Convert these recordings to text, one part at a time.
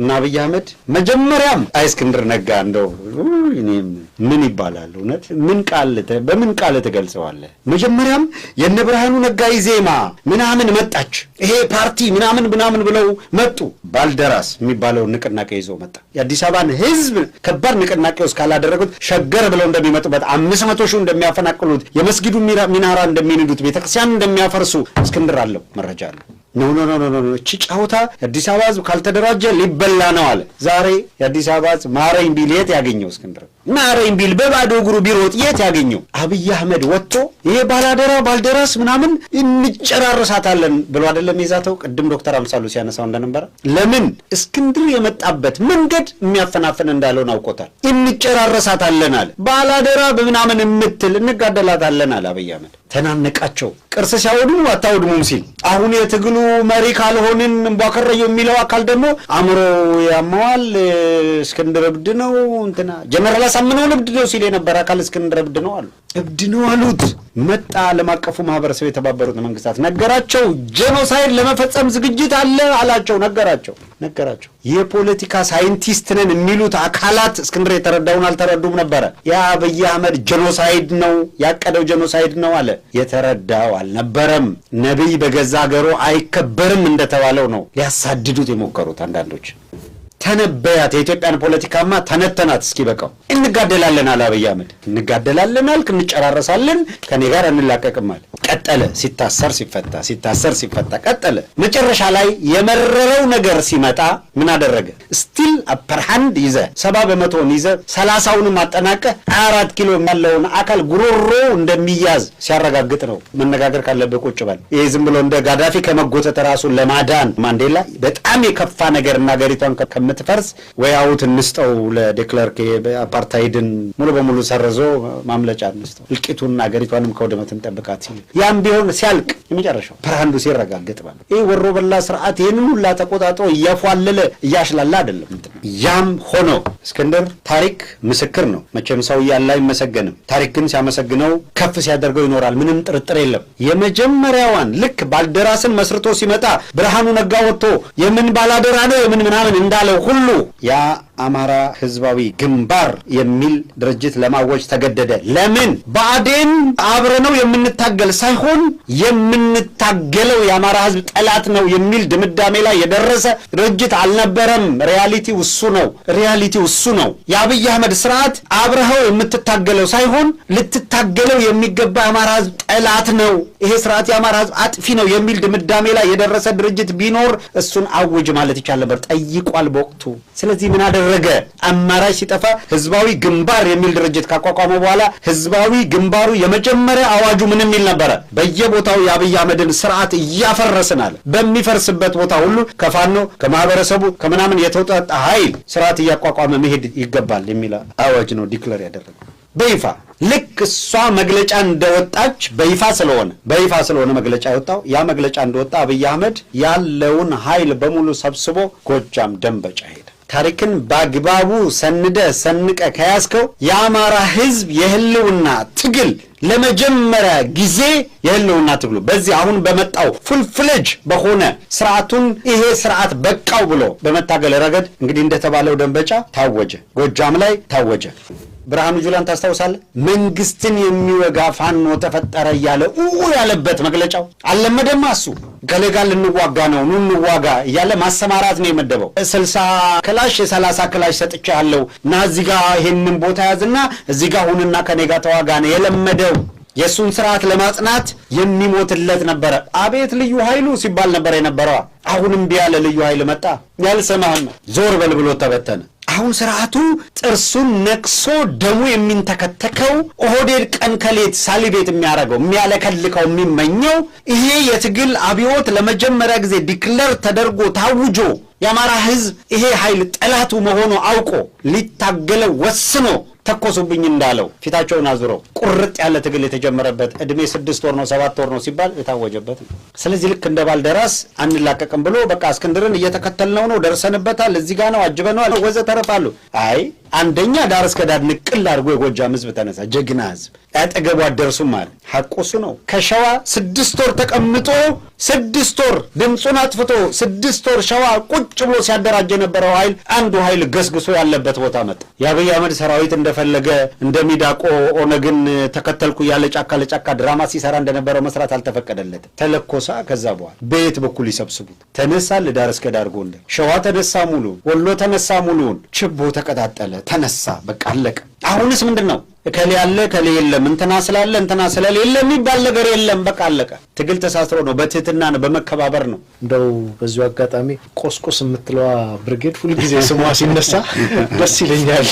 እና አብይ አህመድ መጀመሪያም አይስክንድር ነጋ እንደው እኔም ምን ይባላል እውነት ምን ቃል በምን ቃል ትገልጸዋለህ? መጀመሪያም የነ ብርሃኑ ነጋ ዜማ ምናምን መጣች፣ ይሄ ፓርቲ ምናምን ምናምን ብለው መጡ። ባልደራስ የሚባለው ንቅናቄ ይዞ መጣ። የአዲስ አበባን ህዝብ ከባድ ንቅናቄ ውስጥ ካላደረጉት ሸገር ብለው እንደሚመጡበት አምስት መቶ ሺህ እንደሚያፈናቅሉት፣ የመስጊዱ ሚናራ እንደሚንዱት፣ ቤተክርስቲያን እንደሚያፈርሱ እስክንድር አለው መረጃ አለው። ነው ኖ ኖ ኖ እቺ ጨዋታ የአዲስ አበባ ህዝብ ካልተደራጀ ሊበላ ነው አለ። ዛሬ የአዲስ አበባ ህዝብ ማረኝ ቢል የት ያገኘው እስክንድር ማረኝ ቢል በባዶ እግሩ ቢሮጥ የት ያገኘው? አብይ አህመድ ወጥቶ ይሄ ባላደራ ባልደራስ ምናምን እንጨራረሳታለን ብሎ አይደለም የዛተው። ቅድም ዶክተር አምሳሉ ሲያነሳው እንደነበረ ለምን እስክንድር የመጣበት መንገድ የሚያፈናፍን እንዳለውን አውቆታል። እንጨራረሳታለን አለ። ባላደራ በምናምን የምትል እንጋደላታለን አለ አብይ አህመድ። ተናነቃቸው። ቅርስ ሲያወድሙ አታወድሙም ሲል አሁን የትግሉ መሪ ካልሆንን እንቧከረዩ የሚለው አካል ደግሞ አእምሮ ያመዋል። እስክንድር እብድ ነው እንትና ጀነራል የሚያሳምነውን እብድ ነው ሲል የነበረ አካል እስክንድር እብድ ነው አሉ። እብድ ነው አሉት። መጣ። ዓለም አቀፉ ማህበረሰብ የተባበሩት መንግስታት ነገራቸው። ጄኖሳይድ ለመፈጸም ዝግጅት አለ አላቸው። ነገራቸው ነገራቸው። የፖለቲካ ሳይንቲስት ነን የሚሉት አካላት እስክንድር የተረዳውን አልተረዱም ነበረ። የአብይ አህመድ ጄኖሳይድ ነው ያቀደው ጄኖሳይድ ነው አለ። የተረዳው አልነበረም። ነቢይ በገዛ ሀገሩ አይከበርም እንደተባለው ነው ሊያሳድዱት የሞከሩት አንዳንዶች። ተነበያት። የኢትዮጵያን ፖለቲካማ ተነተናት። እስኪ በቃው እንጋደላለን አለ አብይ አህመድ። እንጋደላለን አልክ፣ እንጨራረሳለን፣ ከኔ ጋር እንላቀቅም አለ። ቀጠለ ሲታሰር ሲፈታ፣ ሲታሰር ሲፈታ ቀጠለ። መጨረሻ ላይ የመረረው ነገር ሲመጣ ምን አደረገ? ስቲል አፐርሃንድ ይዘ ሰባ በመቶውን ይዘ ሰላሳውንም አጠናቀ አራት ኪሎ ያለውን አካል ጉሮሮ እንደሚያዝ ሲያረጋግጥ ነው መነጋገር ካለበት ቁጭ በል። ይህ ዝም ብሎ እንደ ጋዳፊ ከመጎተት ራሱን ለማዳን ማንዴላ በጣም የከፋ ነገር እና ሀገሪቷን ስለምትፈርስ ወይ አውት እንስጠው ለዴክለርክ አፓርታይድን ሙሉ በሙሉ ሰርዞ ማምለጫ እንስጠው፣ እልቂቱን አገሪቷንም ከውድመት እንጠብቃት ሲል ያም ቢሆን ሲያልቅ የመጨረሻው ፐርሃንዱ ሲረጋገጥ ባለ ይህ ወሮ በላ ስርዓት ይህንን ሁላ ተቆጣጥሮ እያፏለለ እያሽላላ አይደለም። ያም ሆኖ እስክንድር ታሪክ ምስክር ነው። መቼም ሰው እያለ አይመሰገንም። ታሪክ ግን ሲያመሰግነው ከፍ ሲያደርገው ይኖራል። ምንም ጥርጥር የለም። የመጀመሪያዋን ልክ ባልደራስን መስርቶ ሲመጣ ብርሃኑ ነጋ ወጥቶ የምን ባላደራ ነው የምን ምናምን እንዳለው 公路呀。አማራ ህዝባዊ ግንባር የሚል ድርጅት ለማወጅ ተገደደ። ለምን? ብአዴን ነው የምንታገል ሳይሆን የምንታገለው የአማራ ህዝብ ጠላት ነው የሚል ድምዳሜ ላይ የደረሰ ድርጅት አልነበረም። ሪያሊቲው እሱ ነው። ሪያሊቲው እሱ ነው። የአብይ አህመድ ስርዓት አብረኸው የምትታገለው ሳይሆን ልትታገለው የሚገባ የአማራ ህዝብ ጠላት ነው፣ ይሄ ስርዓት የአማራ ህዝብ አጥፊ ነው የሚል ድምዳሜ ላይ የደረሰ ድርጅት ቢኖር እሱን አውጅ ማለት ይቻል ነበር። ጠይቋል በወቅቱ። ስለዚህ ምን አደ ያደረገ አማራጭ ሲጠፋ ህዝባዊ ግንባር የሚል ድርጅት ካቋቋመ በኋላ ህዝባዊ ግንባሩ የመጀመሪያ አዋጁ ምን የሚል ነበረ? በየቦታው የአብይ አህመድን ስርዓት እያፈረስናል። በሚፈርስበት ቦታ ሁሉ ከፋኖ ከማህበረሰቡ ከምናምን የተውጣጣ ኃይል ስርዓት እያቋቋመ መሄድ ይገባል የሚል አዋጅ ነው ዲክለር ያደረገ በይፋ ልክ እሷ መግለጫ እንደወጣች በይፋ ስለሆነ በይፋ ስለሆነ መግለጫ የወጣው ያ መግለጫ እንደወጣ አብይ አህመድ ያለውን ኃይል በሙሉ ሰብስቦ ጎጃም ደንበጫ ሄደ። ታሪክን በአግባቡ ሰንደ ሰንቀ ከያዝከው የአማራ ህዝብ የህልውና ትግል ለመጀመሪያ ጊዜ የህልውና ትግሉ በዚህ አሁን በመጣው ፉልፍልጅ በሆነ ስርዓቱን ይሄ ስርዓት በቃው ብሎ በመታገል ረገድ እንግዲህ እንደተባለው ደንበጫ ታወጀ፣ ጎጃም ላይ ታወጀ። ብርሃኑ ጁላን ታስታውሳለህ? መንግስትን የሚወጋ ፋኖ ተፈጠረ እያለ ኡ ያለበት መግለጫው አለመደማ። እሱ ገለጋ ልንዋጋ ነው ኑ እንዋጋ እያለ ማሰማራት ነው የመደበው። ስልሳ ክላሽ የሰላሳ ክላሽ ሰጥቻ ያለው እና እዚህ ጋ ይሄንን ቦታ ያዝና እዚህ ጋ ሁንና ከኔ ጋ ተዋጋ ነው የለመደ የሚሄደው የእሱን ስርዓት ለማጽናት የሚሞትለት ነበረ። አቤት ልዩ ኃይሉ ሲባል ነበር የነበረዋ። አሁንም ቢያለ ልዩ ኃይል መጣ፣ ያልሰማህም ዞር በል ብሎ ተበተነ። አሁን ስርዓቱ ጥርሱን ነቅሶ ደሙ የሚንተከተከው ኦህዴድ ቀን ከሌት ሳሊቤት የሚያደርገው የሚያለከልከው የሚመኘው ይሄ የትግል አብዮት ለመጀመሪያ ጊዜ ዲክለር ተደርጎ ታውጆ የአማራ ህዝብ ይሄ ኃይል ጠላቱ መሆኑ አውቆ ሊታገለው ወስኖ ተኮሱብኝ እንዳለው ፊታቸውን አዙረው ቁርጥ ያለ ትግል የተጀመረበት እድሜ ስድስት ወር ነው ሰባት ወር ነው ሲባል የታወጀበት ነው። ስለዚህ ልክ እንደ ባልደራስ አንላቀቅም ብሎ በቃ እስክንድርን እየተከተልነው ነው፣ ደርሰንበታል፣ እዚህ ጋ ነው፣ አጅበነዋል፣ ወዘ ተረፋሉ። አይ አንደኛ ዳር እስከ ዳር ንቅል አድርጎ የጎጃም ህዝብ ተነሳ። ጀግና ህዝብ ያጠገቡ አደርሱም አለ። ሐቁሱ ነው። ከሸዋ ስድስት ወር ተቀምጦ ስድስት ወር ድምፁን አጥፍቶ ስድስት ወር ሸዋ ቁጭ ብሎ ሲያደራጅ የነበረው ኃይል አንዱ ኃይል ገስግሶ ያለበት ቦታ መጣ። የአብይ አህመድ ሰራዊት እንደፈለገ እንደ ሚዳቆ ኦነግን ተከተልኩ ያለ ጫካ ለጫካ ድራማ ሲሰራ እንደነበረው መስራት አልተፈቀደለትም። ተለኮሳ። ከዛ በኋላ በየት በኩል ይሰብስቡት ተነሳ። ልዳር እስከ ዳር ጎንደር ሸዋ ተነሳ ሙሉ ወሎ ተነሳ ሙሉን፣ ችቦ ተቀጣጠለ ተነሳ፣ በቃ አለቀ። አሁንስ ምንድን ነው? እከሌ አለ እከሌ የለም፣ እንትና ስላለ እንትና ስለሌለ የሚባል ነገር የለም፣ በቃ አለቀ። ትግል ተሳስሮ ነው፣ በትህትና ነው፣ በመከባበር ነው። እንደው በዚሁ አጋጣሚ ቆስቆስ የምትለዋ ብርጌድ ሁልጊዜ ስሟ ሲነሳ ደስ ይለኛል።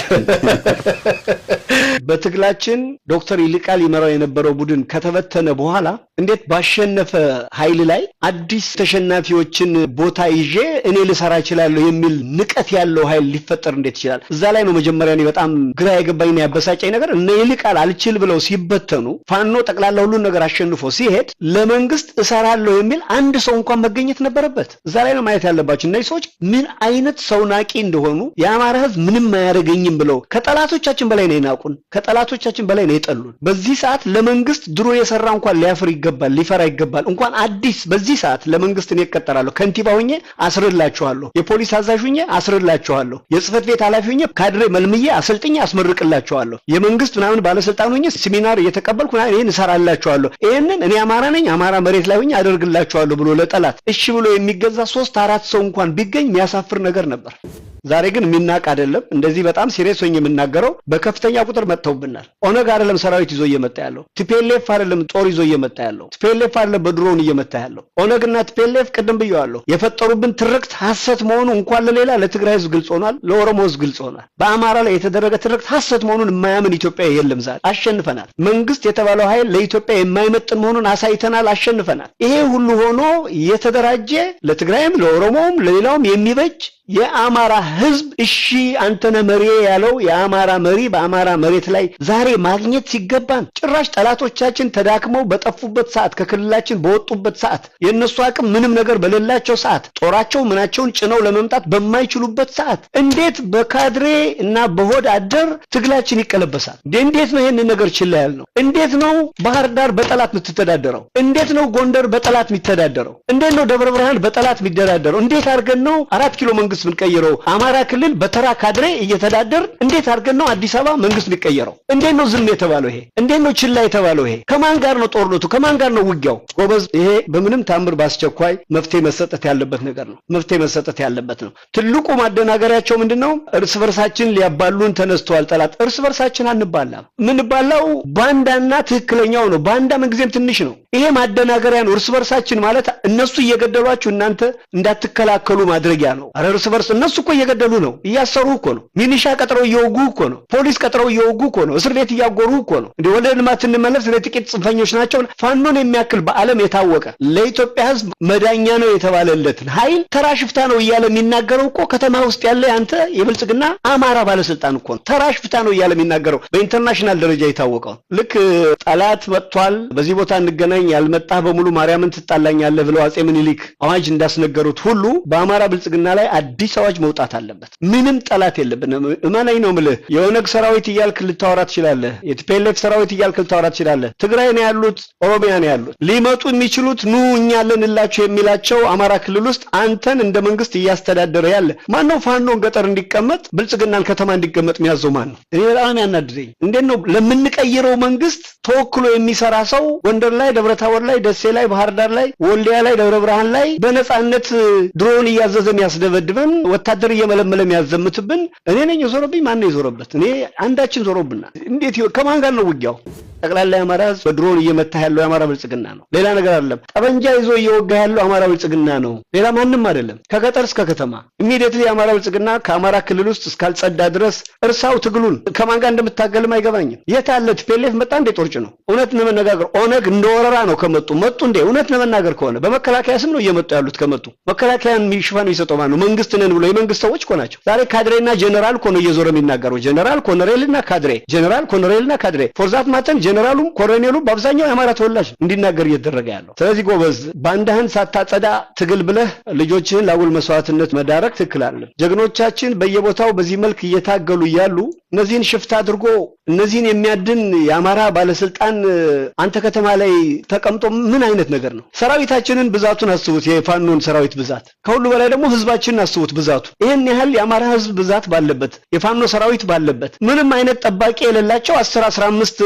በትግላችን ዶክተር ይልቃል ይመራው የነበረው ቡድን ከተበተነ በኋላ እንዴት ባሸነፈ ኃይል ላይ አዲስ ተሸናፊዎችን ቦታ ይዤ እኔ ልሰራ እችላለሁ የሚል ንቀት ያለው ኃይል ሊፈጠር እንዴት ይችላል? እዛ ላይ ነው መጀመሪያ እኔ በጣም ግራ የገባኝና ያበሳጨኝ ነገር እነ ይልቃል አልችል ብለው ሲበተኑ ፋኖ ጠቅላላ ሁሉን ነገር አሸንፎ ሲሄድ ለ መንግስት እሰራለሁ የሚል አንድ ሰው እንኳን መገኘት ነበረበት። እዛ ላይ ነው ማየት ያለባቸው እነዚህ ሰዎች ምን አይነት ሰው ናቂ እንደሆኑ። የአማራ ህዝብ ምንም አያደርገኝም ብለው ከጠላቶቻችን በላይ ነው የናቁን፣ ከጠላቶቻችን በላይ ነው የጠሉን። በዚህ ሰዓት ለመንግስት ድሮ የሰራ እንኳን ሊያፍር ይገባል፣ ሊፈራ ይገባል። እንኳን አዲስ በዚህ ሰዓት ለመንግስት እኔ እቀጠራለሁ። ከንቲባ ሁኜ አስርላችኋለሁ፣ የፖሊስ አዛዥ ሁኜ አስርላችኋለሁ፣ የጽህፈት ቤት ኃላፊ ሁኜ ካድሬ መልምዬ አሰልጥኜ አስመርቅላችኋለሁ፣ የመንግስት ምናምን ባለስልጣን ሁኜ ሴሚናር እየተቀበልኩ ይህን እሰራላችኋለሁ። ይህንን እኔ አማራ ነኝ አማራ መሬት ላይ ሁኝ አደርግላቸዋለሁ ብሎ ለጠላት እሺ ብሎ የሚገዛ ሶስት አራት ሰው እንኳን ቢገኝ የሚያሳፍር ነገር ነበር። ዛሬ ግን የሚናቅ አይደለም። እንደዚህ በጣም ሲሬስ ሆኜ የምናገረው በከፍተኛ ቁጥር መጥተውብናል። ኦነግ አይደለም ሰራዊት ይዞ እየመጣ ያለው፣ ቲፔሌፍ አይደለም ጦር ይዞ እየመጣ ያለው፣ ቲፔሌፍ አይደለም በድሮውን እየመታ ያለው። ኦነግና ቲፔሌፍ ቅድም ብየዋለሁ፣ የፈጠሩብን ትርክት ሀሰት መሆኑ እንኳን ለሌላ ለትግራይ ህዝብ ግልጽ ሆኗል፣ ለኦሮሞ ህዝብ ግልጽ ሆኗል። በአማራ ላይ የተደረገ ትርክት ሀሰት መሆኑን የማያምን ኢትዮጵያ የለም። ዛሬ አሸንፈናል። መንግስት የተባለው ኃይል ለኢትዮጵያ የማይመጥን መሆኑን አሳይተናል፣ አሸንፈናል። ይሄ ሁሉ ሆኖ የተደራጀ ለትግራይም ለኦሮሞውም ለሌላውም የሚበጅ የአማራ ህዝብ እሺ አንተነ መሪ ያለው የአማራ መሪ በአማራ መሬት ላይ ዛሬ ማግኘት ሲገባን ጭራሽ ጠላቶቻችን ተዳክመው በጠፉበት ሰዓት ከክልላችን በወጡበት ሰዓት የእነሱ አቅም ምንም ነገር በሌላቸው ሰዓት ጦራቸው ምናቸውን ጭነው ለመምጣት በማይችሉበት ሰዓት እንዴት በካድሬ እና በሆድ አደር ትግላችን ይቀለበሳል? እንዴት ነው ይህንን ነገር ችላ ያል ነው? እንዴት ነው ባህር ዳር በጠላት የምትተዳደረው? እንዴት ነው ጎንደር በጠላት የሚተዳደረው? እንዴት ነው ደብረ ብርሃን በጠላት የሚደዳደረው? እንዴት አድርገን ነው አራት ኪሎ መንግስት የምንቀይረው? በአማራ ክልል በተራ ካድሬ እየተዳደር እንዴት አድርገን ነው አዲስ አበባ መንግስት ሊቀየረው? እንዴት ነው ዝም የተባለው ይሄ? እንዴት ነው ችላ የተባለው ይሄ? ከማን ጋር ነው ጦርነቱ? ከማን ጋር ነው ውጊያው? ጎበዝ፣ ይሄ በምንም ታምር በአስቸኳይ መፍትሄ መሰጠት ያለበት ነገር ነው። መፍትሄ መሰጠት ያለበት ነው። ትልቁ ማደናገሪያቸው ምንድን ነው? እርስ በርሳችን ሊያባሉን ተነስተዋል። ጠላት እርስ በርሳችን አንባላም። የምንባላው ባንዳና ትክክለኛው ነው። ባንዳ ምንጊዜም ትንሽ ነው። ይሄ ማደናገሪያ ነው። እርስ በርሳችን ማለት እነሱ እየገደሏችሁ እናንተ እንዳትከላከሉ ማድረጊያ ነው። እርስ በርስ እነሱ እኮ እየገደሉ ነው፣ እያሰሩ እኮ ነው። ሚኒሻ ቀጥረው እየወጉ እኮ ነው። ፖሊስ ቀጥረው እየወጉ እኮ ነው። እስር ቤት እያጎሩ እኮ ነው። እንዲ ወደ ልማት እንመለስ። ለጥቂት ጽንፈኞች ናቸው። ፋኖን የሚያክል በዓለም የታወቀ ለኢትዮጵያ ሕዝብ መዳኛ ነው የተባለለትን ኃይል ተራ ሽፍታ ነው እያለ የሚናገረው እኮ ከተማ ውስጥ ያለ ያንተ የብልጽግና አማራ ባለስልጣን እኮ ነው። ተራ ሽፍታ ነው እያለ የሚናገረው በኢንተርናሽናል ደረጃ የታወቀው ልክ ጠላት መጥቷል፣ በዚህ ቦታ እንገናኝ፣ ያልመጣህ በሙሉ ማርያምን ትጣላኛለህ ብለው አጼ ምኒልክ አዋጅ እንዳስነገሩት ሁሉ በአማራ ብልጽግና ላይ አዲስ አዋጅ መውጣት አለ። አለበት። ምንም ጠላት የለብንም። እመናኝ ነው ምልህ። የኦነግ ሰራዊት እያልክ ልታወራ ትችላለህ። የቲፔሌፍ ሰራዊት እያልክ ልታወራ ትችላለህ። ትግራይ ነው ያሉት፣ ኦሮሚያ ነው ያሉት። ሊመጡ የሚችሉት ኑ እኛ አለንላቸው የሚላቸው አማራ ክልል ውስጥ አንተን እንደ መንግስት እያስተዳደረ ያለ ማን ነው? ፋኖን ገጠር እንዲቀመጥ ብልጽግናን ከተማ እንዲቀመጥ የሚያዘው ማን ነው? እኔ በጣም ያናድደኝ እንዴት ነው ለምንቀይረው መንግስት ተወክሎ የሚሰራ ሰው ጎንደር ላይ፣ ደብረታወር ላይ፣ ደሴ ላይ፣ ባህር ዳር ላይ፣ ወልዲያ ላይ፣ ደብረ ብርሃን ላይ በነጻነት ድሮን እያዘዘ የሚያስደበድበን ወታደር እየመ መለመለም ያዘምትብን እኔ ነኝ የዞረብኝ? ማን ነው የዞረበት? እኔ አንዳችን ዞሮብናል። እንዴት ከማን ጋር ነው ውጊያው? ጠቅላላ የአማራ ህዝብ በድሮን እየመታ ያለው የአማራ ብልጽግና ነው። ሌላ ነገር አይደለም። ጠበንጃ ይዞ እየወጋ ያለው አማራ ብልጽግና ነው። ሌላ ማንም አይደለም። ከገጠር እስከ ከተማ ኢሚዲየትሊ የአማራ ብልጽግና ከአማራ ክልል ውስጥ እስካልጸዳ ድረስ እርሳው ትግሉን። ከማን ጋር እንደምታገልም አይገባኝም። የት አለ ቲፔሌፍ መጣ እንዴ? ጦርጭ ነው። እውነት ለመነጋገር ኦነግ እንደ ወረራ ነው ከመጡ መጡ እንዴ? እውነት ለመናገር ከሆነ በመከላከያ ስም ነው እየመጡ ያሉት። ከመጡ መከላከያን ሽፋን የሚሰጠው ማነው? መንግስት ነን ብሎ የመንግስት ሰዎች እኮ ናቸው። ዛሬ ካድሬና ጀነራል እኮ ነው እየዞረ የሚናገረው። ጀነራል ኮነሬልና ካድሬ ጀነራል ኮነሬልና ካድሬ ፎርዛት ማተን ጄኔራሉም ኮሎኔሉም በአብዛኛው የአማራ ተወላጅ እንዲናገር እየተደረገ ያለው። ስለዚህ ጎበዝ ባንዳህን ሳታጸዳ ትግል ብለህ ልጆችህን ለአጉል መስዋዕትነት መዳረግ ትክክል አለ። ጀግኖቻችን በየቦታው በዚህ መልክ እየታገሉ እያሉ እነዚህን ሽፍት አድርጎ እነዚህን የሚያድን የአማራ ባለስልጣን አንተ ከተማ ላይ ተቀምጦ ምን አይነት ነገር ነው? ሰራዊታችንን ብዛቱን አስቡት፣ የፋኖን ሰራዊት ብዛት፣ ከሁሉ በላይ ደግሞ ህዝባችንን አስቡት ብዛቱ። ይህን ያህል የአማራ ህዝብ ብዛት ባለበት፣ የፋኖ ሰራዊት ባለበት፣ ምንም አይነት ጠባቂ የሌላቸው አስር አስራ አምስት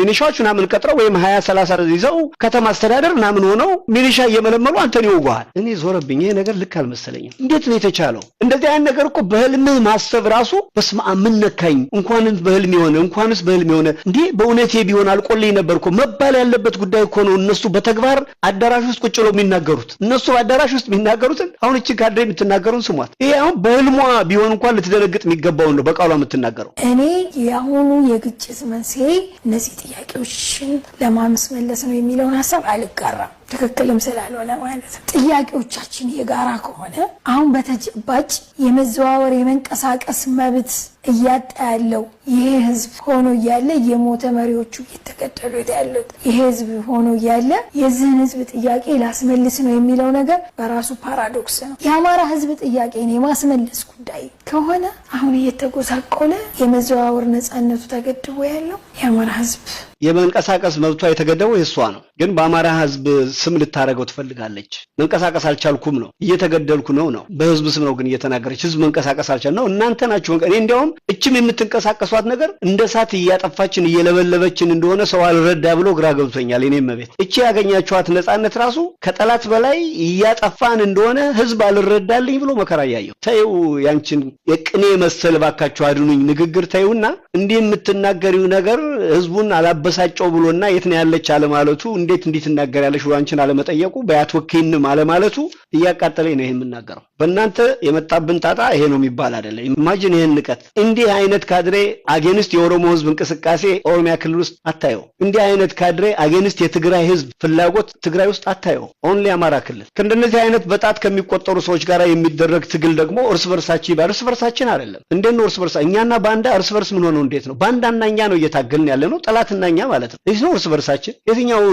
ሚኒሻዎች ምናምን ቀጥረው ወይም ሀያ ሰላሳ ይዘው ከተማ አስተዳደር ምናምን ሆነው ሚኒሻ እየመለመሉ አንተን ይወጓሃል። እኔ ዞረብኝ፣ ይሄ ነገር ልክ አልመሰለኝም። እንዴት ነው የተቻለው? እንደዚህ አይነት ነገር እኮ በህልምህ ማሰብ ራሱ በስመ አብ ምን ነካኝ እንኳንስ በህልም የሆነ እንኳንስ በህልም የሆነ እንዲህ በእውነቴ ቢሆን አልቆልኝ ነበር እኮ መባል ያለበት ጉዳይ እኮ ነው። እነሱ በተግባር አዳራሽ ውስጥ ቁጭ የሚናገሩት እነሱ አዳራሽ ውስጥ የሚናገሩትን አሁን እቺ ካድሬ የምትናገሩን ስሟት። ይሄ አሁን በህልሟ ቢሆን እንኳን ልትደነግጥ የሚገባውን ነው በቃሏ የምትናገረው። እኔ የአሁኑ የግጭት መንስኤ እነዚህ ጥያቄዎችን ለማምስ መለስ ነው የሚለውን ሀሳብ አልጋራም። ትክክልም ስላልሆነ ማለት ነው። ጥያቄዎቻችን የጋራ ከሆነ አሁን በተጨባጭ የመዘዋወር የመንቀሳቀስ መብት እያጣ ያለው ይሄ ህዝብ ሆኖ እያለ የሞተ መሪዎቹ እየተገደሉት ያሉት ይሄ ህዝብ ሆኖ እያለ የዚህን ህዝብ ጥያቄ ላስመልስ ነው የሚለው ነገር በራሱ ፓራዶክስ ነው። የአማራ ህዝብ ጥያቄን የማስመለስ ጉዳይ ከሆነ አሁን እየተጎሳቆለ የመዘዋወር ነፃነቱ ተገድቦ ያለው የአማራ ህዝብ የመንቀሳቀስ መብቷ የተገደበው የእሷ ነው። ግን በአማራ ህዝብ ስም ልታደረገው ትፈልጋለች። መንቀሳቀስ አልቻልኩም ነው፣ እየተገደልኩ ነው ነው። በህዝብ ስም ነው ግን እየተናገረች ህዝብ መንቀሳቀስ አልቻል ነው። እናንተ ናችሁ እኔ እንዲያውም እችም የምትንቀሳቀሷት ነገር እንደ እሳት እያጠፋችን እየለበለበችን እንደሆነ ሰው አልረዳ ብሎ ግራ ገብቶኛል። እኔም መቤት እቺ ያገኛችኋት ነጻነት ራሱ ከጠላት በላይ እያጠፋን እንደሆነ ህዝብ አልረዳልኝ ብሎ መከራ እያየው ተይው፣ ያንችን የቅኔ መሰል ባካችሁ አድኑኝ ንግግር ተይውና እንዲህ የምትናገሪው ነገር ህዝቡን አላበ አበሳጨው ብሎና የት ነው ያለች አለማለቱ፣ እንዴት እንዲህ ትናገሪያለሽ ብሎ አንቺን አለመጠየቁ፣ በያት ወኪን አለማለቱ እያቃጠለኝ ነው ይሄ የምናገረው። በእናንተ የመጣብን ጣጣ ይሄ ነው የሚባል አይደለም። ኢማጂን ይሄን ንቀት። እንዲህ አይነት ካድሬ አጌንስት የኦሮሞ ህዝብ እንቅስቃሴ ኦሮሚያ ክልል ውስጥ አታየው። እንዲህ አይነት ካድሬ አጌንስት የትግራይ ህዝብ ፍላጎት ትግራይ ውስጥ አታየው። ኦንሊ አማራ ክልል ከእንደነዚህ አይነት በጣት ከሚቆጠሩ ሰዎች ጋር የሚደረግ ትግል ደግሞ እርስ በርሳችን ይባል እርስ በርሳችን አይደለም። እንዴት ነው እርስ በርሳ እኛና ባንዳ እርስ በርስ ምን ሆነው እንዴት ነው ባንዳና እኛ ነው እየታገልን ያለ ነው ጠላትና እኛ ማለት ነው። ይህ ነው እርስ በርሳችን። የትኛው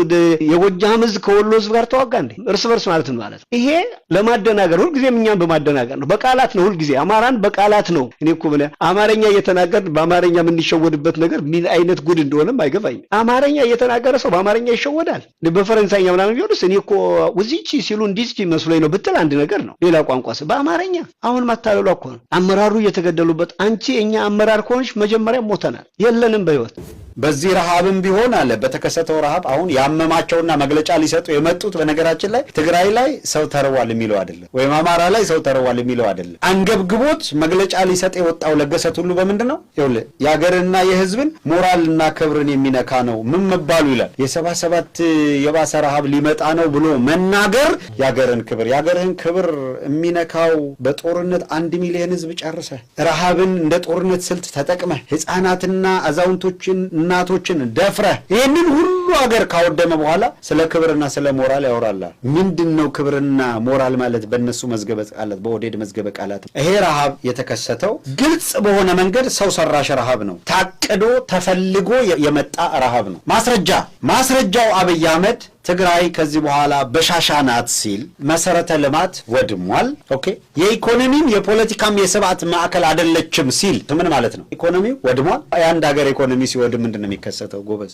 የጎጃም ህዝብ ከወሎ ህዝብ ጋር ተዋጋ እንዴ? እርስ በርስ ማለት ነው ማለት ነው ይሄ ለማደናገር ሁልጊዜም እኛም በማደናገር ነው፣ በቃላት ነው። ሁልጊዜ አማራን በቃላት ነው። እኔ እኮ ብለህ አማርኛ እየተናገር በአማርኛ የምንሸወድበት ነገር ምን አይነት ጉድ እንደሆነም አይገባኝ። አማርኛ እየተናገረ ሰው በአማርኛ ይሸወዳል። በፈረንሳይኛ ምናምን ቢሆንስ እኔ እኮ ውዚቺ ሲሉ እንዲች መስሎኝ ነው ብትል አንድ ነገር ነው። ሌላ ቋንቋስ በአማርኛ አሁን ማታለሏ እኮ ነው። አመራሩ እየተገደሉበት አንቺ የእኛ አመራር ከሆንሽ መጀመሪያ ሞተናል፣ የለንም በህይወት በዚህ ረሃብም ቢሆን አለ በተከሰተው ረሃብ አሁን ያመማቸውና መግለጫ ሊሰጡ የመጡት በነገራችን ላይ ትግራይ ላይ ሰው ተርቧል የሚለው አይደለም፣ ወይም አማራ ላይ ሰው ተርቧል የሚለው አይደለም። አንገብግቦት መግለጫ ሊሰጥ የወጣው ለገሰት ሁሉ በምንድን ነው ይውል የሀገርንና የህዝብን ሞራልና ክብርን የሚነካ ነው ምን መባሉ ይላል። የሰባ ሰባት የባሰ ረሃብ ሊመጣ ነው ብሎ መናገር የሀገርን ክብር የሀገርህን ክብር የሚነካው በጦርነት አንድ ሚሊዮን ህዝብ ጨርሰህ ረሃብን እንደ ጦርነት ስልት ተጠቅመህ ህፃናትና አዛውንቶችን እናቶችን ደፍረህ ይህንን ሁሉ አገር ካወደመ በኋላ ስለ ክብርና ስለ ሞራል ያወራላል። ምንድን ነው ክብርና ሞራል ማለት? በእነሱ መዝገበ ቃላት፣ በኦዴድ መዝገበ ቃላት ይሄ ረሃብ የተከሰተው ግልጽ በሆነ መንገድ ሰው ሰራሽ ረሃብ ነው። ታቅዶ ተፈልጎ የመጣ ረሃብ ነው። ማስረጃ ማስረጃው አብይ አህመድ ትግራይ ከዚህ በኋላ በሻሻ ናት ሲል መሰረተ ልማት ወድሟል። ኦኬ የኢኮኖሚም የፖለቲካም የስብዓት ማዕከል አደለችም ሲል ምን ማለት ነው? ኢኮኖሚው ወድሟል። የአንድ ሀገር ኢኮኖሚ ሲወድም ምንድን ነው የሚከሰተው? ጎበዝ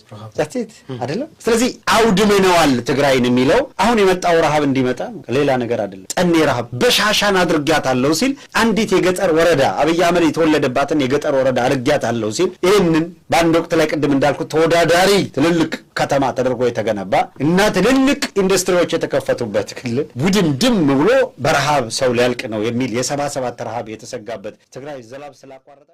አይደለም። ስለዚህ አውድመነዋል ትግራይን የሚለው አሁን የመጣው ረሃብ እንዲመጣ ሌላ ነገር አይደለም። ጠኔ ረሃብ በሻሻን አድርጊያታለሁ ሲል አንዲት የገጠር ወረዳ አብይ አህመድ የተወለደባትን የገጠር ወረዳ አድርጊያታለሁ ሲል ይህንን በአንድ ወቅት ላይ ቅድም እንዳልኩት ተወዳዳሪ ትልልቅ ከተማ ተደርጎ የተገነባ እና ትልልቅ ኢንዱስትሪዎች የተከፈቱበት ክልል ውድምድም ብሎ በረሃብ ሰው ሊያልቅ ነው የሚል የሰባ ሰባት ረሃብ የተሰጋበት ትግራይ ዘላብ ስላቋረጠ ነው።